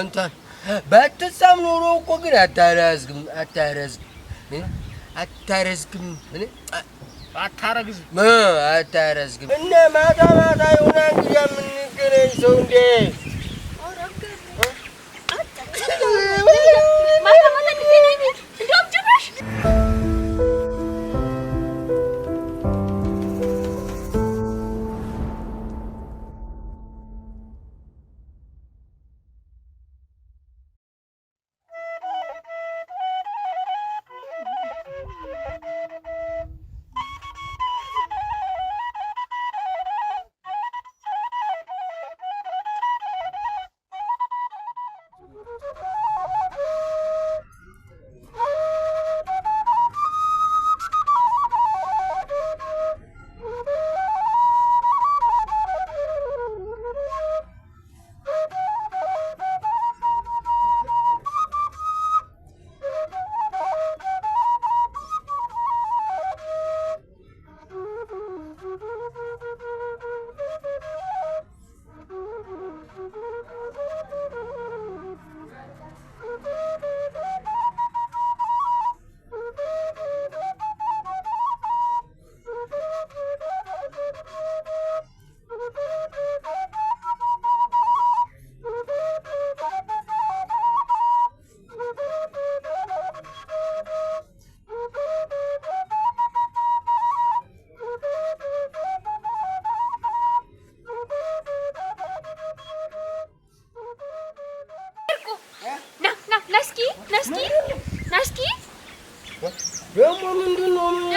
አንተ ባትሳም ኖሮ እኮ ግን አታረዝግም፣ አታረዝግም፣ አታረዝግም፣ አታረግዝም፣ አታረዝግም። እና ማታ ማታ የሆነ እንግዲህ የምንገናኝ ሰው እንዴ ማታ ማታ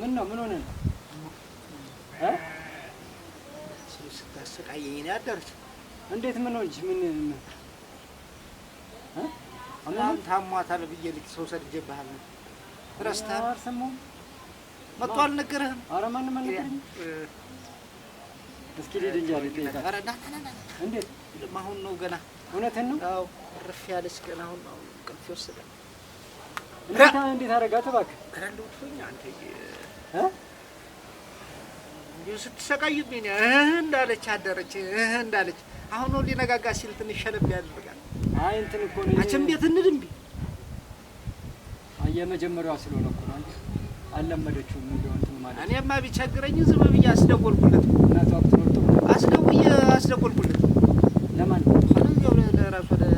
ምን ነው? ምን ሆነ ነው? ስታሰቃየኝ ነው ያደረችው። እንዴት? ምን ሆንሽ? ምን አሁን ታሟታል ብዬ ልክ ሰው ሰድጄብሃል ነው ረስተሃል? አልሰማሁም። መጥቶ አልነገረህም? ኧረ ማንም አልነገረኝም። እስኪ ልሂድ እንጂ አለኝ። ጠይቃት። ኧረ ና ና ና። እንዴት? አሁን ነው ገና። እውነትህን ነው? አዎ፣ እርፍ ያለች ገና አሁን ነው ቅልፍ ይወስዳል። እንዴት አደረጋት? እባክህ ስትሰቃይብኝ እንዳለች አደረች እንዳለች። አሁን ሊነጋጋ ሲል ትንሽ ሸለብ ያደርጋል። አይ እንትን እኮ ነው አቸም ቤት እንድንብ የመጀመሪያዋ ስለሆነ እኮ ነው አልለመደችውም። እንደው እንትን ማለት እኔማ ቢቸግረኝ ዝም ብዬ አስደወልኩለት እና አስደውዬ አስደወልኩለት ለማን ለራሱ ለ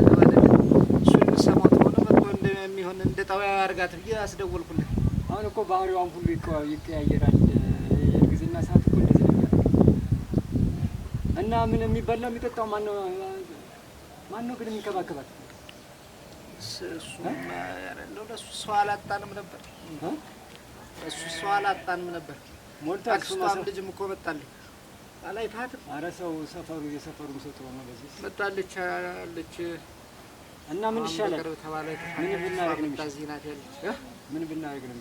አድርጋት ብዬ አስደወልኩልህ። አሁን እኮ ባህሪዋን ሁሉ ይቀያየራል። የጊዜና ሰዓት እኮ እንደዚህ እና ምን የሚበላው የሚጠጣው ማነው? ግን የሚከባከባት? ሰው እሱ ሰው አላጣንም ነበር። ልጅም እኮ ሰው ሰፈሩ የሰፈሩ ሰው ጥሩ ነው። በዚህ መጣለች አለች እና ምን ይሻላል? ምን ብናደርግ ነው የሚሻለው? ምን ብናደርግ ነው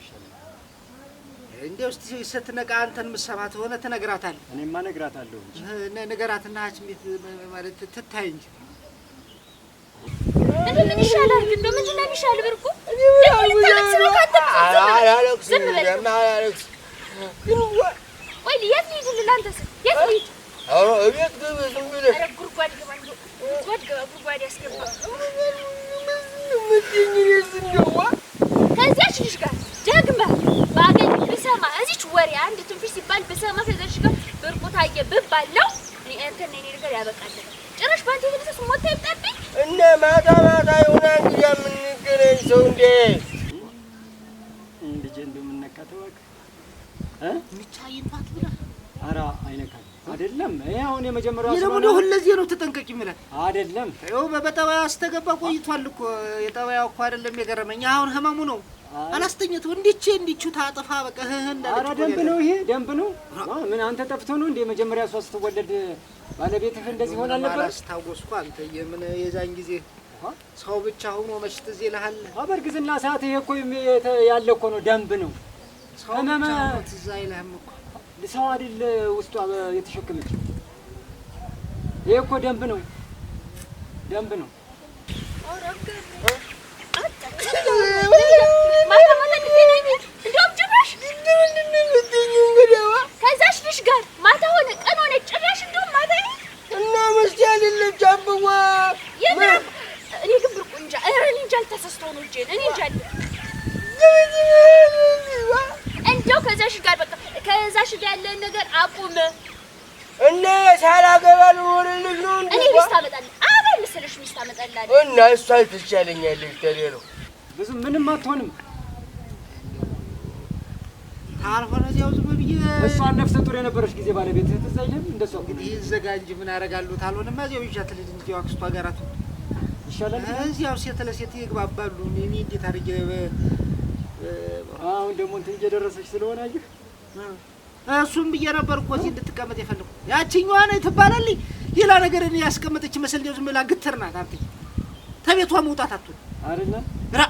ስትነቃ አንተን የምትሰማት ሆነ ትነግራታለህ። እኔማ እነግራታለሁ እንጂ ንገራትና ሐኪም ቤት ማለት ትታይ እንጂ ምን ይሻላል ግን? ምንድን ነው የሚሻለው? ብርቁ የት አዎ እቤት ዝም ብለህ ጉድጓድ ያስገባ ከዚያች ልጅ ጋር ደግመህ ወሬ ሲባል ብሰማ ከዚያች ጋር ብርቁ ታየ እንደ ልጄ እንደምነካት እባክህ እ ብቻ ይንፋት ብላ ኧረ አይነካል አይደለም ይሄ አሁን የመጀመሪያው ይሄ ደግሞ ለዚህ ነው ተጠንቀቂ ይላል። አይደለም ይኸው በጠባያ አስተገባ ቆይቷል እኮ የጠባያ እኮ አይደለም የገረመኝ አሁን ህመሙ ነው። አላስተኘት እንዲቼ እንዲቹ ታጠፋ በቃ ህህ እንዳለ ኧረ ደንብ ነው ይሄ ደንብ ነው። ምን አንተ ጠፍቶ ነው እንዴ መጀመሪያ እሷ ስትወለድ ባለቤትህ እንደዚህ ሆነ አለበት። አላስታወስኩ አንተ የምን የዛን ጊዜ ሰው ብቻ ሆኖ መች ትዝ ይልሃል? በእርግዝና ሰዓት ይሄ እኮ ያለ እኮ ነው ደንብ ነው። ሰው ብቻ ሆኖ ትዝ አይልህም እኮ ሰው አይደል ውስጧ የተሸከመች። ይሄ እኮ ደንብ ነው፣ ደንብ ነው። ማታ እኔ ግን ብርቁ እንጃ እኔ እንጃ አልተሰስተው ነው እጄን እኔ እንጃ እዛሽ ያለህን ነገር አቁም። እና ሳላገባ ልሆንልሽ ነው እንዴ? እኔ ሚስት አመጣልህ አበል መሰለሽ ሚስት አመጣልህ እና እሷ ትቻለኛለሽ። ከሌለው ብዙ ምንም አትሆንም። ካልሆነ እዚያው ዝም ብዬ እሷን ነፍሰ ጡር የነበረች ጊዜ ባለቤት ትዝ አይልም? እንደሷ እንግዲህ ይዘጋ እንጂ ምን አደርጋለሁ። ታልሆንማ እዚያው ይዣት ልሂድ እንጂ አክስቷ ጋር አትሆን ይሻላል። እዚያው ሴት ለሴት ይግባባሉ። እኔ እንዴት አድርጌ አሁን ደግሞ እንትን እየደረሰች ስለሆነ አየህ እሱም ብዬ ነበር እኮ እዚህ እንድትቀመጥ የፈለኩ። ያችኛዋ ነ ትባላል። ሌላ ነገር እኔ ያስቀመጠች መስል ዝም ብላ ግትር ናት። አንተ ተቤቷ መውጣት አትሆን ራ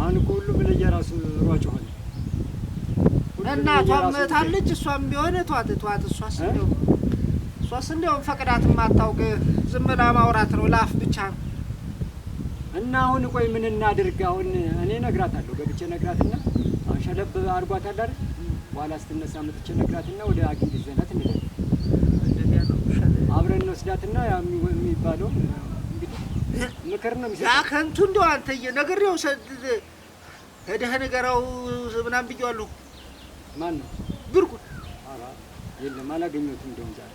አሁን እኮ ሁሉም ለየራሱ ሯጭ ሆነ። እናቷም ታለች፣ እሷም ቢሆን ተዋት ቷት እሷስ እንደው እሷስ እንደው ፈቅዳት ማታውቅ ዝም ብላ ማውራት ነው፣ ላፍ ብቻ ነው። እና አሁን ቆይ ምን እናድርግ? አሁን እኔ እነግራታለሁ፣ ገብቼ እነግራትና ሸለብ አድርጓታል አይደል? በኋላ ስትነሳ መጥቼ ነግራትና ወደ ሐኪም ይዘናት እንሄዳለን። አብረን እንወስዳትና ያ የሚባለው ምክር ነው የሚሰጥ። ያ ከንቱ እንደው አንተዬ ነግሬው ሄደህ ነገራው ምናምን ብዬዋለሁ። ማን ነው ብርቁ? ኧረ የለም አላገኘሁትም። እንደውም ዛሬ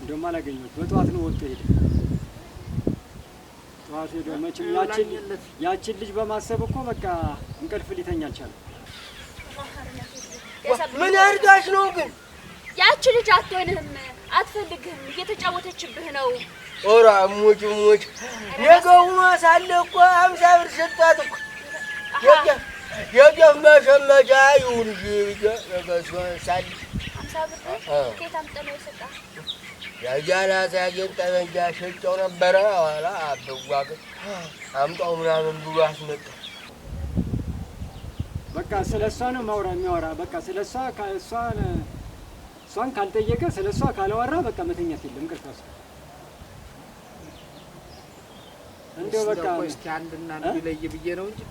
እንደውም አላገኘሁትም። በጠዋት ነው ወጥቶ ሄደ። ጠዋት ሄዶ መቼም ያችን ልጅ በማሰብ እኮ በቃ እንቅልፍ ሊተኛ አልቻለም። ምን አድርጋሽ ነው ግን? ያቺ ልጅ አትሆንህም፣ አትፈልግህም፣ እየተጫወተችብህ ነው። ኦራ ሙጭ ሙጭ ነገውማ ሳለ እኮ አምሳ ብር ሰጧት እኮ የጤፍ መሸመቻ ይሁን ሳል ያጃና ሳያጌን ጠመንጃ ሸጨው ነበረ። ኋላ አበዋግን አምጣው ምናምን ብሎ አስመጣ በቃ ስለ እሷ ነው ማውራ የሚያወራ በቃ ስለ እሷ እሷን ካልጠየቀ ስለ እሷ ካላወራ በቃ መተኛት የለም። ቅርታ እሷ እንደው በቃ እስኪ አንድና አንድ ይለይ ብዬ ነው እንጂ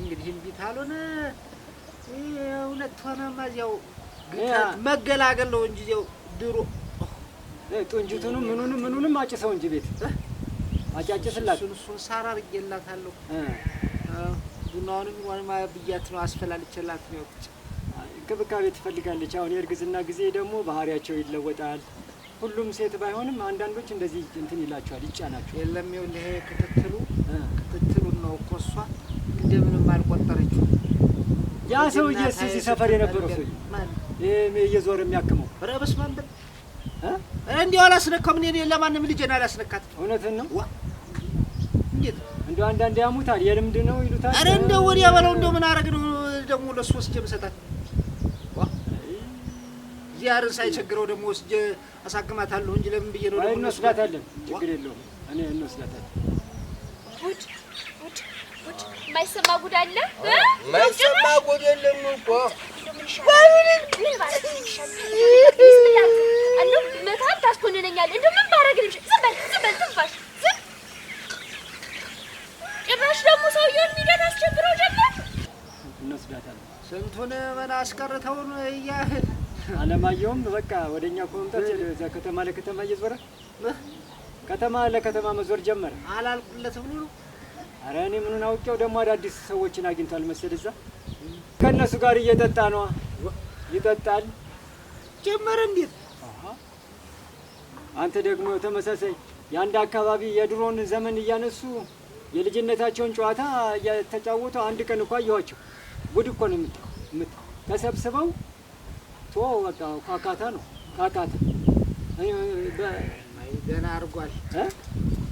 እንግዲህ እምቢ ካልሆነ እውነት ሆነማ እዚያው መገላገል ነው እንጂ እዚያው ድሮ ጡንጅቱንም ምኑንም ምኑንም አጭሰው እንጂ ቤት አጫጭስላት እሱን እሱን ሳራ አድርጌላታለሁ። ቡናውንም ሆን ብያት ነው አስፈላልቼላት ነው ያውቁት። እንክብካቤ ትፈልጋለች። አሁን የእርግዝና ጊዜ ደግሞ ባህሪያቸው ይለወጣል። ሁሉም ሴት ባይሆንም አንዳንዶች እንደዚህ እንትን ይላቸዋል፣ ይጫናቸው የለም። ይኸውልህ ይሄ ክትትሉ ክትትሉን ነው እኮ እሷ እንደምንም አልቆጠረችው። ያ ሰውዬ እዚህ ሰፈር የነበረው ሰው እየዞረ የሚያክመው ረብስ ማንበል እንዲሁ አላስነካም። እኔ ለማንም ልጄን አላስነካት። እውነትን ነው አንዳንዴ ያሙታል የልምድ ነው ይሉታል። አረ እንደው ወዲያ በለው እንደው ምን አረግ ነው ደግሞ ለሱ ወስጄ የምሰጣት ዚያርን ሳይቸግረው ደግሞ ወስጄ አሳክማታለሁ እንጂ ለምን ብዬ ነው እንወስዳታለን። ችግር የለውም እኔ እንወስዳታለን። ጉድ ጉድ ጉድ! የማይሰማ ጉድ አለ። የማይሰማ ጉድ የለም እኮ ምን ታስኮንነኛል? እንደው ምን ባረግ ዝም በል ዝም በል ትንፋሽ ጭራሽ ደግሞ ሰውየውን ሚደት አስቸግረው ጀመር። እንወስዳታለን። ስንቱን መና አስቀርተውን እያህል አለማየሁም በቃ ወደኛ እኮ መምጣት እዚያ ከተማ ለከተማ እየዞረ ከተማ ለከተማ መዞር ጀመረ። አላልቁለት ነው። አረ እኔ ምኑን አውቄው። ደግሞ አዳዲስ ሰዎችን አግኝቷል መሰል እዛ ከእነሱ ጋር እየጠጣ ነዋ። ይጠጣል ጀመረ። እንዴት አንተ ደግሞ ተመሳሳይ የአንድ አካባቢ የድሮን ዘመን እያነሱ የልጅነታቸውን ጨዋታ እየተጫወቱ አንድ ቀን እኳ አየኋቸው። ጉድ እኮ ነው ምት ተሰብስበው ቶ በቃ ኳካታ ነው ኳካታ። ገና አርጓል፣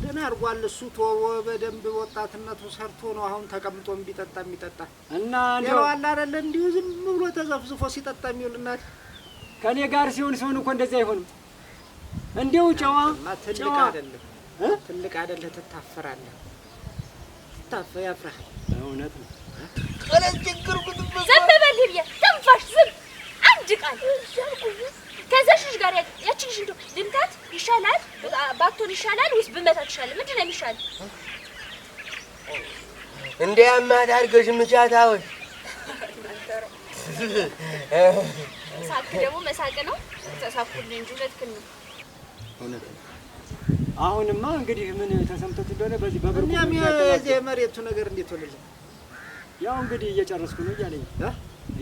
ገና አርጓል። እሱ ቶ በደንብ ወጣትነቱ ሰርቶ ነው አሁን ተቀምጦ ቢጠጣ የሚጠጣ እና ሌላው አለ እንዲሁ ዝም ብሎ ተዘፍዝፎ ሲጠጣ የሚውል ከእኔ ጋር ሲሆን ሲሆን እኮ እንደዚህ አይሆንም። እንዲሁ ጨዋ ትልቅ አደለ ትልቅ አይደለህ ትታፈራለህ ታፈ ያፍራል። እውነት ነው። ዝም በል ብዬሽ ትንፋሽ ዝም አንድ ቃል ከዛ ሽሽ ጋር ያችን እንዶ ድምታት ይሻላል፣ ባቶን ይሻላል ወይስ ብመታት ይሻላል? ምንድን ነው የሚሻል? እንደ አማት አድርገሽ ምቻታ ወይ ሳቅ ደግሞ መሳቅ ነው። ተሳኩልኝ እንጂ ሁለት ክን አሁንማ እንግዲህ ምን ተሰምቶት እንደሆነ በዚህ በብር እኛም የዚህ የመሬቱ ነገር እንዴት ሆነልን? ያው እንግዲህ እየጨረስኩ ነው እያለኝ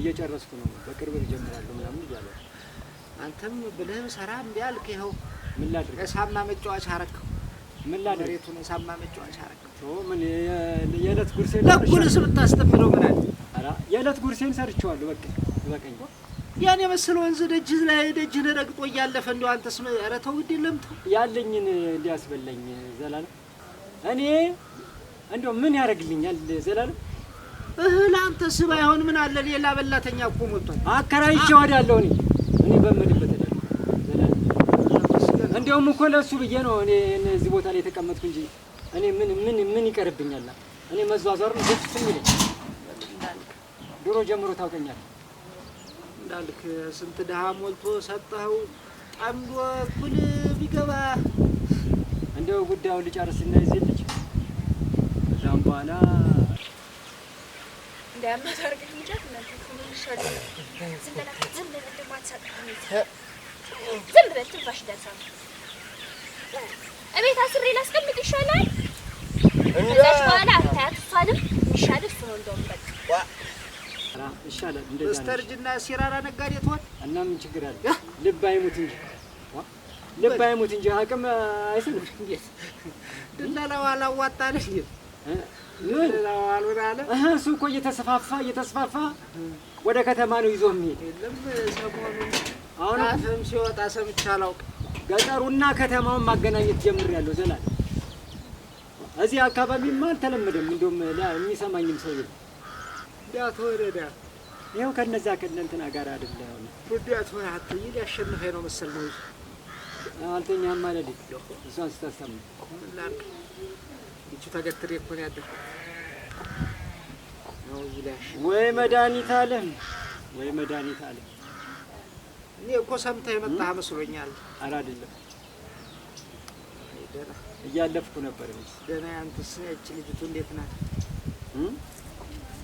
እየጨረስኩ ነው በቅርብ እጀምራለሁ ምናምን እያለ አንተም ብልህም ሰራ እምቢ አልክ። ይኸው ምን ላድርግ? ሳማ መጫወቻ አረከው። ምን ላድርግ? መሬቱን ሳማ መጫወቻ አረከው። ኦ ምን የዕለት ጉርሴን ለኩልስ ብታስተምረው ምን አለ? ኧረ የዕለት ጉርሴን ሰርቼዋለሁ። በቃ ይበቃኛል። ያን የመሰለ ወንዝ ደጅ ላይ ደጅን ረግጦ እያለፈ እንደው አንተስ ኧረ ተው ግድ የለም ተው ያለኝን እንዲያስበለኝ ዘላለም እኔ እንደው ምን ያደርግልኛል ዘላለም እህል ስብ አይሆን ምን አለ ሌላ በላተኛ እኮ ሞቷል አከራይቼ ወዳለሁ እኔ እኔ በምልበት እንደውም እኮ ለእሱ ብዬ ነው እኔ እዚህ ቦታ ላይ የተቀመጥኩ እንጂ እኔ ምን ምን ምን ይቀርብኛል እኔ መዟዟር ነው ደስ የሚለኝ ድሮ ጀምሮ ታውቀኛለህ እንዳልክ ስንት ድሀ ሞልቶ ሰጠኸው ጠምዶ እኩል ቢገባ እንደው ጉዳዩን ልጨርስ እና ይዜ ልጅ ከዛም በኋላ ዝም በል ትንፋሽ እቤት አስሬ ላስቀምጥ ይሻላል። ከዛች በኋላ አታያት እሷንም ይሻል ነው እንደውም በቃ ይሻላል። እንደዛ በስተርጅና ሲራራ ነጋዴ ትሆን እና ምን ችግር አለ? ልብ አይሙት እንጂ ልብ አይሙት እንጂ አቅም አይስልም። እንዴት ድለላው አላዋጣል እንዴት ድለላው አልወራለ። እሱ እኮ እየተስፋፋ እየተስፋፋ ወደ ከተማ ነው ይዞ የሚሄድ አሁን አፍም ሲወጣ ሰምቼ አላውቅም። ገጠሩና ከተማውን ማገናኘት ጀምሬያለሁ ዘላለም። እዚህ አካባቢማ አልተለመደም። እንደውም የሚሰማኝም ሰው የለም። ጉዳት ወረዳ ይኸው ከነዛ ከነንትና ጋር አይደለም ያው ጉዳት ሆነ አትይ ሊያሸንፈኝ ነው መሰል ነው አልተኛም ማለት እሷን ስታሰማ እቺ እጁ ተገትሬ እኮ ነው ያደርኩት ወይ መድኃኒት አለም ወይ መድኃኒት አለም። እኔ እኮ ሰምተህ የመጣህ መስሎኛል። ኧረ አይደለም እያለፍኩ ነበር። ደህና። ያንተስ? እቺ ልጅቱ እንዴት ናት?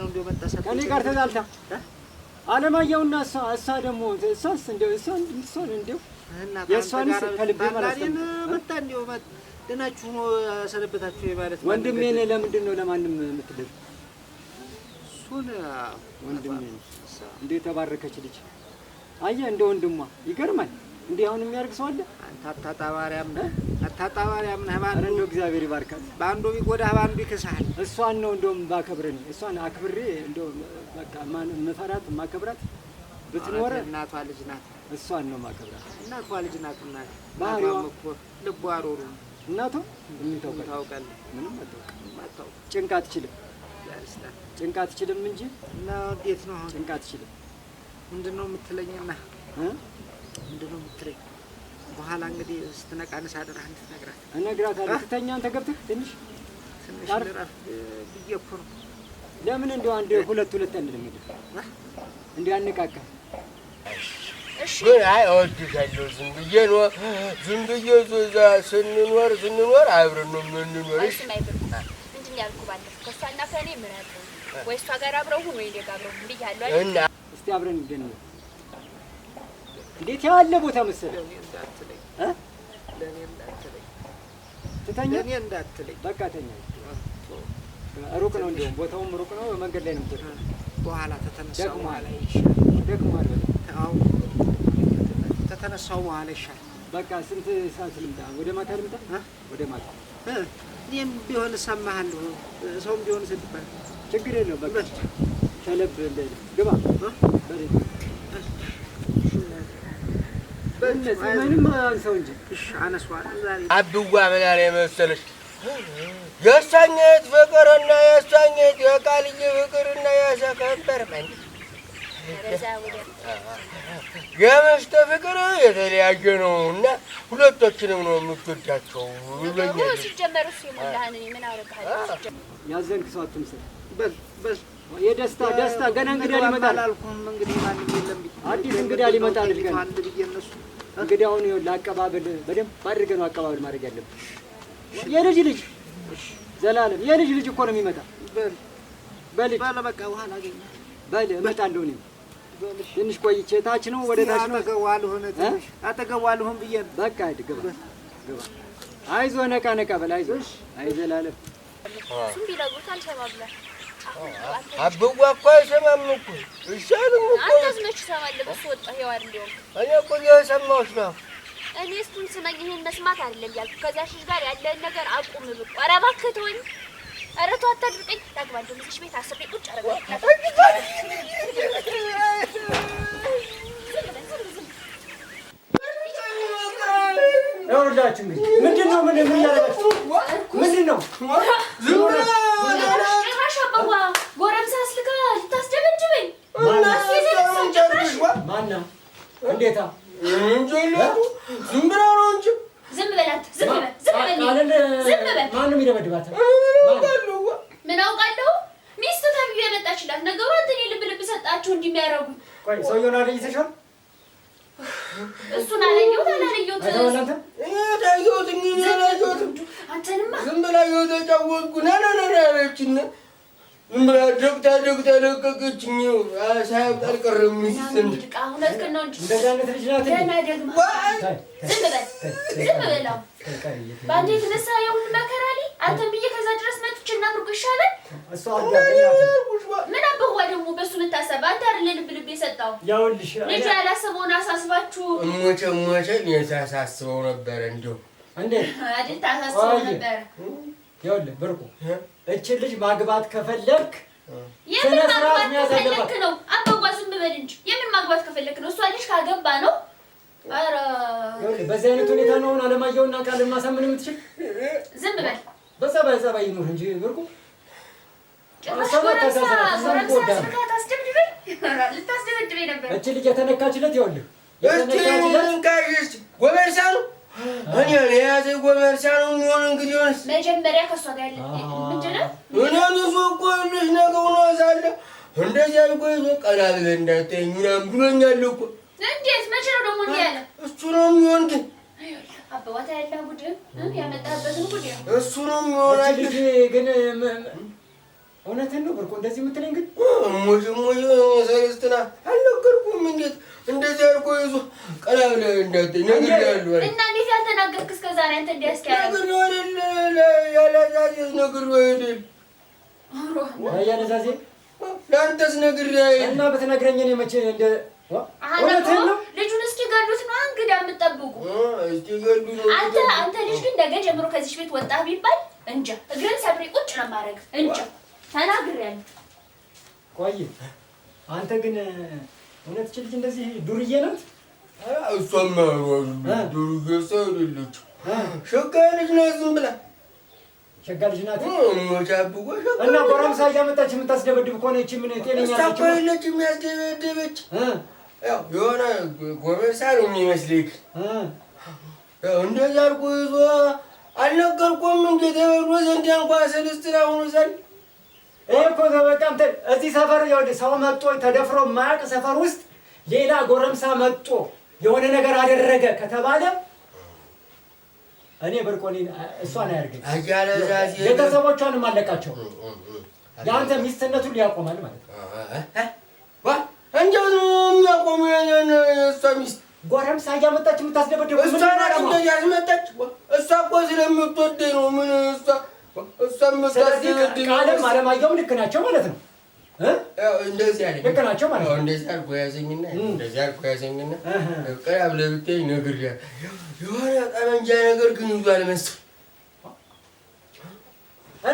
ነው እንደው መጣሰብ ከኔ ጋር ተጣልታ አለማየሁና እሷ እሷ ደግሞ እሷስ እንደው እሷ እሷ እንደው የእሷንስ ከልቤ ማለት ነው መጣ እንደው ደናችሁ ነው ሰነበታችሁ ማለት ነው። ወንድሜን ለምንድን ነው ለማንም የምትደርግ እሱን ወንድሜ እንደ ተባረከች ልጅ አየህ እንደ ወንድሟ ይገርማል። እንዲህ አሁን የሚያርግ ሰው አለ? አንተ አታጣባሪያም ነህ አታጣባሪያም ነህ። ባንዱ እንደው እግዚአብሔር ይባርካት። በአንዱ ቢጎዳህ በአንዱ ይክስሃል። እሷን ነው እንደውም ባከብር እሷን አክብሬ እንደው በቃ ማን መፈራት ማከብራት ብትኖር እናቷ ልጅ ናት። እሷን ነው ማከብራት። እናቷ ልጅ ናት። እናት ባህሪዋ እኮ ልቧ ሮሩ እናቷ ምን ታውቃለ ምንም አታውቅም። አታውቅ ጭንቅ አትችልም። ጭንቅ አትችልም እንጂ እና እንዴት ነው ጭንቅ አትችልም። ምንድን ነው የምትለኝና ምንድነው የምትለኝ? በኋላ እንግዲህ ስትነቃንስ አደራ እንድትነግራት እነግራታለሁ። ስተኛ አንተ ገብተህ ትንሽ ትንሽ ልረፍ ብዬሽ እኮ ነው። ለምን እንደው አንድ ሁለት ሁለት አንልም? እንደው አነቃቃህ። አይ እወድሻለሁ። ዝም ብዬ ነው ዝም ብዬ እዛ ስንኖር ስንኖር አብረን ነው የምንኖር። እሺ ምንድን ነው ያልኩህ ባለፈው ከእሷ እና ከእኔ ምን ወይ እሷ ጋር አብረው ሁን ወይ እኔ ጋር አብረው ሁን ብያለሁ። እስኪ አብረን እንደት እንዴት ያለ ቦታ መሰለህ? ትተኛ በቃ ተኛ። ሩቅ ነው፣ እንዲሁም ቦታውም ሩቅ ነው። መንገድ ላይ ነው። በኋላ ተተነሳሁ በኋላ ይሻል። ደግሞሃል በጣም ተተነሳሁ በኋላ ይሻል። በቃ ስንት ሰዓት ልምጣ? ወደ ማታ ልምጣ? ወደ ማታ እኔም ቢሆን እሰማሃለሁ፣ ሰውም ቢሆን ስድባል። ችግር የለው። በቃ ተለብ ግባ አብዋ ምን አለ የመሰለሽ የእሳኛየት ፍቅርና የእሳኛየት የቃልዬ ፍቅርና የሰከበር መንድ ፍቅር የተለያየ ነው እና ሁለቶችንም ነው የምትወዳቸው ያዘንክ ሰው በል በል የደስታ ደስታ ገና እንግዳ ሊመጣል እንግዲህ አዲስ እንግዳ ሊመጣል ልገ እንግዲህ አሁን ለአቀባበል በደንብ አድርገህ ነው አቀባበል ማድረግ ያለብህ። የልጅ ልጅ ዘላለም የልጅ ልጅ እኮ ነው የሚመጣ። በል በቃ ውሃ በል እመጣለሁ እኔም ትንሽ ቆይቼ ታች ነው ወደ ታች ነው አጠገቡ አልሆን ብዬ በቃ ሂድ፣ ግባ ግባ። አይዞህ ነቃ ነቃ በል። አይዞህ አይ ዘላለም አበዋ እኮ አይሰማም እኮ ይሻልም እኮ አንተስ መች እንደውም እኔ እኮ ነው። እኔ እሱን ስመኝ ይሄን መስማት አይደለም ያልኩ ከዚያ ሽሽ ጋር ያለህን ነገር አቁም ኧረ እባክህ ተወኝ። ኧረ ተው አታድርቀኝ። ዳግማ ቤት አስሬ ቁጭ ይኸውላችሁ እንግዲህ ምንድን ነው ምን የሚያደርጋችሁ ምንድን ነው? ዝም ብለህ ጎረምሳ አስልካ ልታስደበድበኝ ማነው? እንዴታ ዝም ብለህ ነው እንጂ ዝም በላት። ዝም በል ዝም በል። ምን አውቃለሁ። ሚስት ተብዬ የመጣችላት ነገሩ እንትን ልብ ልብ ሰጣችሁ እንዲህ የሚያደርጉ ሰውዬውን እሱን አላየሁት አላየሁት አላየሁትም ዝም ብላ ዝም ብላ ደግታ ደግታ ለቀቀችኝ። ሳያብጥ አልቀረም። በአንዴ የተነሳ የሁሉ መከራ ላይ አንተም ብዬ ከዛ ድረስ መጥቼ እናምርቁ ይሻላል። ምን አበዋ ደግሞ በእሱ የምታሰብ አንተ አይደለ ልብ ልብ የሰጣው ልጅ ያላሰበውን አሳስባችሁ እሞቼ እሞቼ ታሳስበው ነበረ እንዲሁ ይኸውልህ ብርቁ እችን ልጅ ማግባት ከፈለክ የምን ማግባት ከፈለክ ነው አበዋ፣ ዝም በል እንጂ የምን ማግባት ከፈለክ ነው። እሷ ልጅ ካገባ ነው በዚህ አይነት ሁኔታ ነው አሁን አለማየሁና ቃል ማሳምን የምትችል ዝም በል በጸባይ ጸባይ ይኑር እንጂ ብርቁ ልታስደበድበኝ እች ልጅ የተነካችለት ይኸውልህ ጎበርሳ ነው። አባዋት ያለ ጉድ ያመጣበትን ጉድ እሱ ነው የሚሆናልሽ። ግን እውነትን ነው ብርቆ እንደዚህ የምትለኝ ግን ሙሽ ሙሽ ሰለስትና አልነገርኩም። እንዴት እንደዚህ አድርጎ ይዞ ቀላ ብለህ እንዳትዪ ነግሬሃለሁ። እና እንዴት ያልተናገርክ እስከ ዛሬ አንተ እንዲያስኪያለሁ ያላዛዜስ ነግሬው አይደል ያላዛዜ ለአንተስ እና በተናግረኝ እኔ መቼ እንደ ልጁን እስኪ ገሉት ነው እንግዲህ የምጠብቁ። አንተ አንተ ልጅ ግን ነገ ጀምሮ ከዚህ ቤት ወጣህ ቢባል እንጃ እግርን ሰብሬ ቁጭ ነው የማደርግ። እንጃ ተናግሬያለሁ። ቆይ አንተ ግን እውነት ች እንደዚህ ዱርዬ ናት። እሷም ዱርዬ ሰው ሸጋ ልጅ ናት። ዝም ብላ ሸጋ ልጅ ናት እና ጎረምሳ እያመጣች የምታስደበድብ ከሆነ ምን ጤነኛ ነች? የሚያስደበድበች የሆነ ጎበሳ የሚመስልክ። እንደዚያ አድርጎ ይዞ አልነገርኩም እንዴ? ተበሎ ዘንድ እንኳ ሰልስትና ሆኖ ዘንድ ይህ እኮ በጣም እዚህ ሰፈር ሰው መጥቶ ተደፍሮ ማያውቅ ሰፈር ውስጥ ሌላ ጎረምሳ መጥቶ የሆነ ነገር አደረገ ከተባለ እኔ ብርቆኔ እሷን አያርገኝ፣ ቤተሰቦቿንም አለቃቸው። የአንተ ሚስትነቱን ሊያቆማል ማለት ነው። ቆሙ እሷ ሚስት ጎረምሳ እያመጣች የምታስደበደበው እሷ ናት። እንደዚህ ያስመጣች እሷ እኮ ስለምትወደኝ ነው። ምን እሷ እሷ ምታስደበድቃለም አለማየሁም ልክ ናቸው ማለት ነው።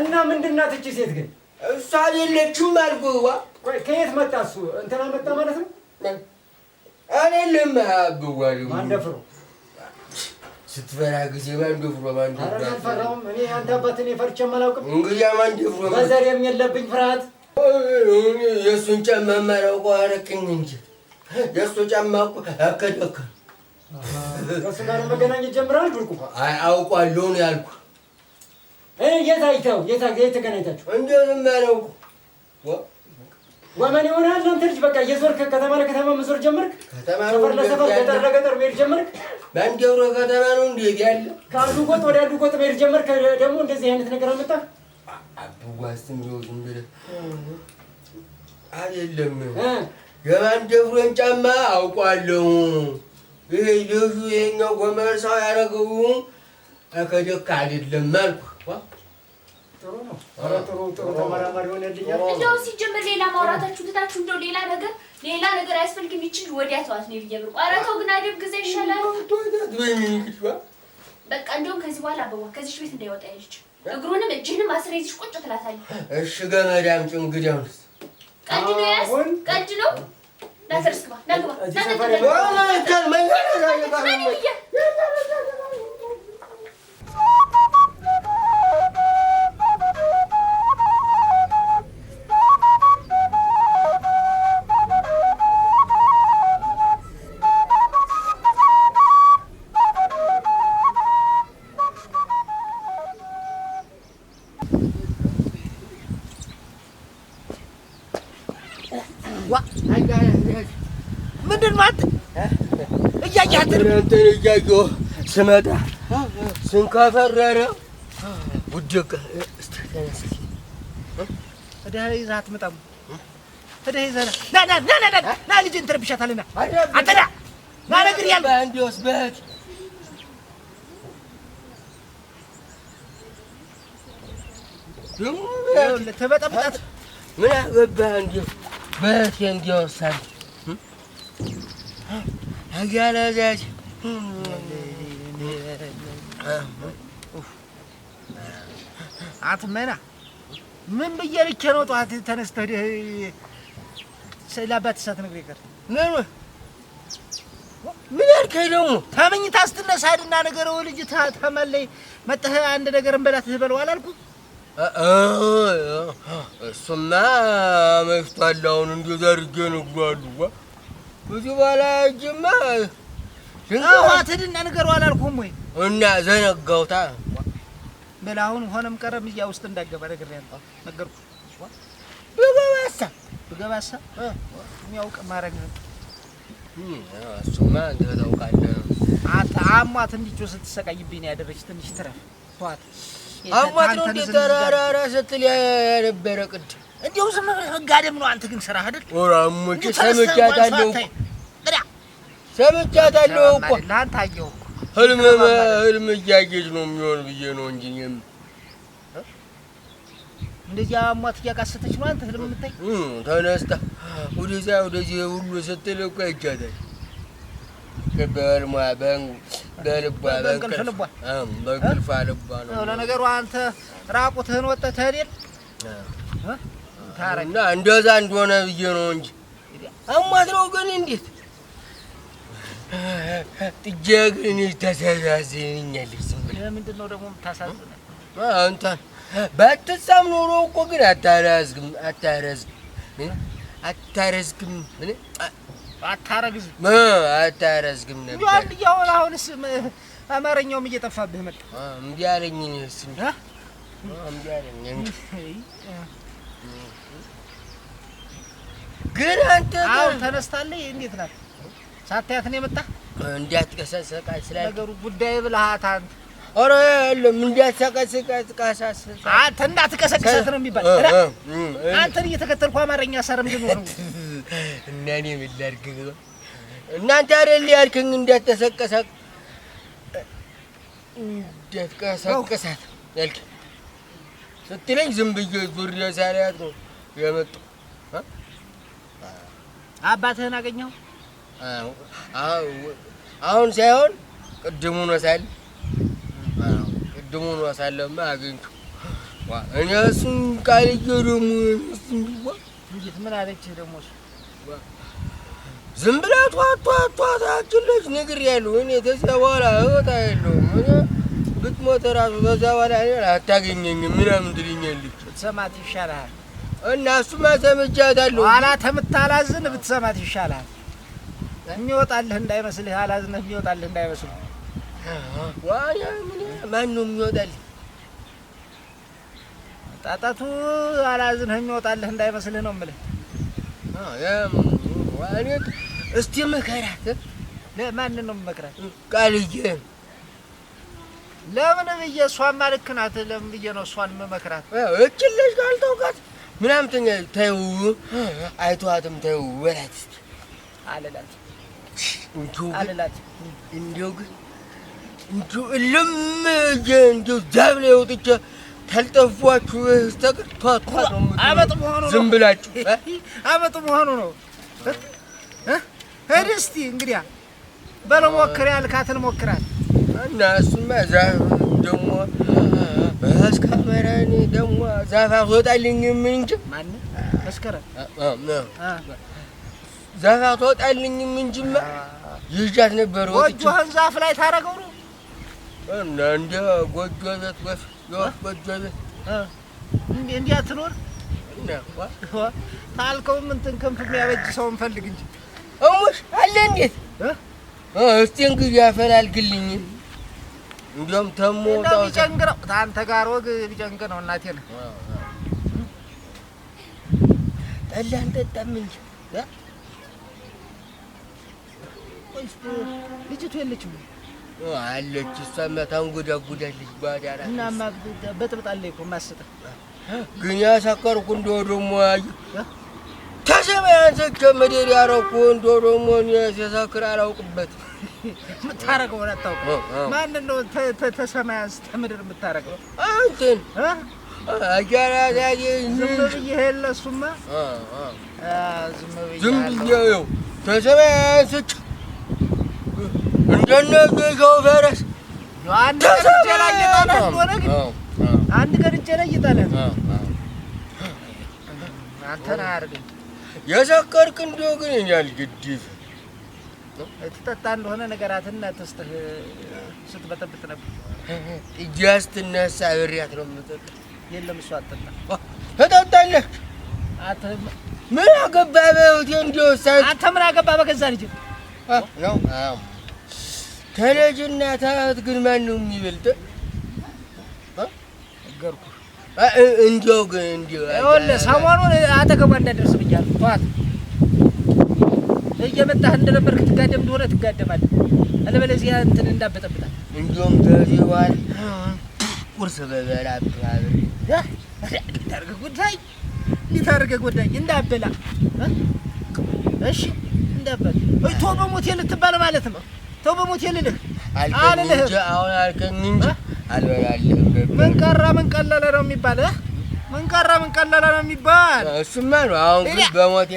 እና ምንድን ናት እቺ ሴት ግን? እሷ የለችም አልኩህ። ከየት መጣ እሱ? እንትና መጣ ማለት ነው እኔ ለማብዋል ማንደፍሮ ስትፈራ ጊዜ ማንደፍሮ ማንደፍሮ አልፈራሁም። እኔ አንተ አባት እኔ ፈርቼም አላውቅም። እንግዲህ ማንደፍሮ በዘሬም የለብኝ ፍርሃት። የእሱን ጫማ ማረቆ አረቅኝ እንጂ የእሱ ጫማ እኮ አከደከ ከእሱ ጋር መገናኘት ጀምራል። ዱርኩ አውቋለሁ ነው ያልኩ። የት አይተኸው? የት ተገናኝታችሁ? እንደምንም አላውቅም ወመን ይሆናል አንተ ልጅ በቃ እየዞርክ ከተማ ለከተማ መዞር ጀመርክ። ሰፈር ለሰፈር ገጠር ለገጠር መሄድ ጀመርክ። በአንድ ሮ ከተማ ነው እንዴት ያለ ከአንዱ ጎጥ ወደ አንዱ ጎጥ መሄድ ጀመርክ። ደግሞ እንደዚህ አይነት ነገር አመጣ አቡዋስም ይወዝም ብለ አይደለም አይደለም የማንደፍሮን ጫማ አውቋለሁ። ይሄ ልጁ ይሄኛው ጎመርሳው ያደረገው ከደካ አይደለም አልኩ ጥሩ ነው። ጥሩ ጥሩ ተመራማሪ ሆነልኛል። እንደው ሲጀምር ሌላ ማውራታችሁ ትታችሁ እንደው ሌላ ነገር ሌላ ነገር አያስፈልግም። ይችል ወዲያ ተዋት ነው ብዬ ብር ኧረ ተው ግን አደብ ጊዜ ይሻላል። በቃ እንደውም ከዚህ በኋላ አበባ ከዚች ቤት እንዳይወጣ ያለች እግሩንም እጅህንም አስረይዝሽ ቁጭ ትላታለህ። እሺ ገመድ አምጪ እንግዲህ አሁንስ ቀድ ነው ያስ ቀድ ነው ናተርስክባ ናግባ ናተርስክባ ናግባ ናግባ ናግባ ናግባ እንትን እያየሁ ስመጣ ስንከፈረረ ውድቅ ምን አገባህ እንዲሁ በህቴ እንዲወሳል አትመና ምን ብዬ ልኬ ነው? ጠዋት ተነስተህ ለአባት ምን ያልከኝ ደግሞ ስትነሳ ነገር ልጅ መጠህ አንድ ነገር እንበላት እሱማ መፍቷል። አሁን አድርጌ ነው ከዚህ በኋላ እጅማ አላልኩም ወይ? እና ዘነጋውታ በል አሁን ሆነም ቀረም እያ ውስጥ እንዳገባ ብገባሳ ብገባሳ የሚያውቅ አሟት ስትሰቃይብኝ ነው ያደረች። ትንሽ ትረፍ ተዋት። አሟት ነው እንደ ስትል ቅድም እንዲሁ ዝም ጋደም ነው አንተ ግን ስራህ አይደል? ኧረ አሞቼ ሰምቻታለሁ እኮ ሰምቻታለሁ እኮ ለአንተ አየሁ እኮ ህልም ህልም እያየች ነው የሚሆን ብዬ ነው እንጂ እኔም እንደዚያ አሟት እያቃሰተች ነው አንተ ህልም የምታይ ተነስታ ወደዚያ ወደዚህ ሁሉ ስትል እኮ ይቻታል በህልሟ በልቧ በእንቅልፍ ልቧ ነው ለነገሩ አንተ ራቁትህን ወጥተህ አይደል እና እንደዛ እንደሆነ ብዬ ነው እንጂ አሟት ግን እንዴት ጥጃ ግን ነው ደግሞ ባትሳም ኖሮ እኮ ግን አታረዝግም፣ አታረዝግም፣ አታረዝግም አታረግዝም አታረዝግም እያሆን አሁንስ አማርኛውም እየጠፋብህ መጣ። እምቢ አለኝ እምቢ አለኝ ግን አንተ አሁን ተነስታለህ። እንዴት ናት? ሳታያት ነው ነገሩ ጉዳይ ብልሃት አንተ ኧረ የለም አንተ እንዳትቀሰቅሰት ነው የሚባል አንተን እየተከተልኩ አማርኛ ሳር ምንድን ነው እና እኔ ምን ላድርግ? እናንተ አይደል ያልከኝ ያልከኝ ስትለኝ ዝም ብዬ ዙሪያ ነው አባትህን አገኘው? አሁን ሳይሆን ቅድሙ ነው ሳለ ቅድሙ ነው ሳለማ አገኘሁ። እኔ እሱን ቃልዬ ደግሞ እንዴት ምን አለች ደሞ ዝም ብላ ጧት ጧት ጧት እኔ ከዚያ በኋላ ህይወት የለውም እኔ ብትሞት እራሱ በኋላ አታገኘኝም ምናምን ሰማት ይሻላል እና እሱማ ሰምቻታለሁ። ኋላ ተምታላዝን ብትሰማት ይሻላል። የሚወጣልህ እንዳይመስልህ አላዝነህ የሚወጣልህ እንዳይመስልህ። ዋያ ማነው የሚወጣልህ? ጣጣቱ አላዝነህ የሚወጣልህ እንዳይመስልህ ነው የምልህ። እስቲ ምከራት። ለማንን ነው የምመክራት? ቃልዬ ለምን ብዬ እሷማ ልክ ናት። ለምን ብዬ ነው እሷን የምመክራት? እችለሽ ካልተውቃት ምናምን ትኛለች። ተይው አይተዋትም። ተይው በላት አለላት። እንደው በስተቀር አመጥ መሆኑ ነው። ዝም ብላችሁ አመጥ መሆኑ ነው። እንግዲያ በለሞክር ያልካትን ሞክራት እና እሱማ እዛ ደግሞ ደግሞ ዛፍ አትወጣልኝ ምን እንጂ ማነው መስከረም ዛፍ አትወጣልኝ እንጂማ ይዣት ነበር። ጎጆህን ዛፍ ላይ ታረገው ነው እና እንደ ጎጆ ቤት ወፍ የወፍ ጎጆ ቤት እንዲያ ትኖር ታልከውም እንትን ክንፍ የሚያበጅ ሰው እንፈልግ እንጂ እሙሽ አለ እንዴት እስቲ እንግዲህ ያፈላልግልኝ እንደውም ተሞ እንደው ቢጨንቅ ነው ታንተ ጋር ወግ ቢጨንቅ ነው። እናቴ ነው ጠላህን ጠጣም እንጂ ልጅቱ የለችም? አለች። እሷማ ታንጎዳጉዳለች። ባዳራ በጥብጣለች እኮ ግን እንደው ደግሞ ከመደር ያረኩ እንደው ደግሞ አላውቅበት የምታረገውን አታውቅም። ማን ነው ተሰማይ አንስተ የምታረገው? እንትን ዝም አንድ አንተን የሰከርክ እንደው ግን እኛ ልግዲህ ትጠጣ እንደሆነ ነገራትን ትስትህ ስትበጠብጥ ነበር። እያስትነሳ ብሬያት ነው የምጠጣ። የለም እሱ አትጠጣ። ትጠጣለህ። ምን አገባህ በህይወቴ እንዲያው እሳ አንተ ምን አገባህ በገዛ ልጅ ነው። ተለጅና ታህት ግን ማን ነው የሚበልጥ? ነገርኩህ። እንዲያው ግን እንዲያው ሰሞኑን አጠገቧ እንዳደርስ ብያለሁ። ተዋት እየመጣህ እንደነበር ክትጋደም እንደሆነ ትጋደማለህ። አለበለዚያ እንትን እንዳበጠብጣል። እንዲሁም ተዚዋል ቁርስ በበላ ታርገ ጎዳኝ፣ እንዴት አድርገህ ጎዳኝ። እንዳበላ እሺ፣ እንዳበላ እቶ በሞቴ ልትባል ማለት ነው። ተው በሞቴ ልልህ አልልህ። አሁን አልከኝ እንጂ አልበላልህም። ምን ቀራ ምን ቀለለ ነው የሚባል ምን ቀረ ምን ቀለለ ነው የሚባል። እሱማ ነው። አሁን ግን በሞት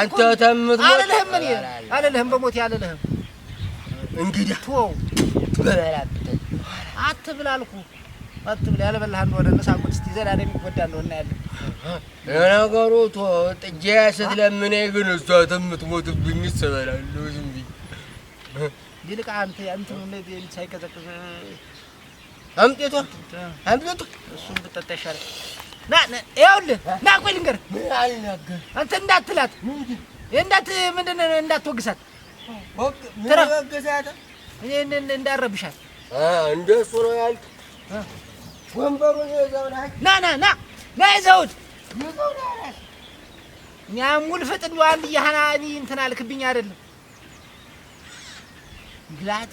አንተ ተምት በሞት አልልህም። እንግዲህ ተወው አትብል አልኩህ። አትብል ያለበላህ እንደሆነ ነሳቁት እስኪ ዘላ የሚጎዳ ነው እና ያለ የነገሩ ጥጃ ስትለምነኝ ግን እሷ የምትሞትብኝ ትበላለህ። ዝም ብዬ ይልቅ አንተ አንተ እንትኑ ሳይቀዘቅዝ አምጤቷ አምጤቷ እሱን ብጠጣ ይሻላል። ና ይኸውልህ፣ ና ቆይ አንተ እንዳትላት እንዳት ምንድን ነው እንዳትወግሳት፣ እንዳረብሻት። እንደሱ ነው ያልኩህ። ወንበሩን ና ና ና ና ይዘውት ሙል ፍጥን እንትን አልክብኝ አይደለም ግላቴ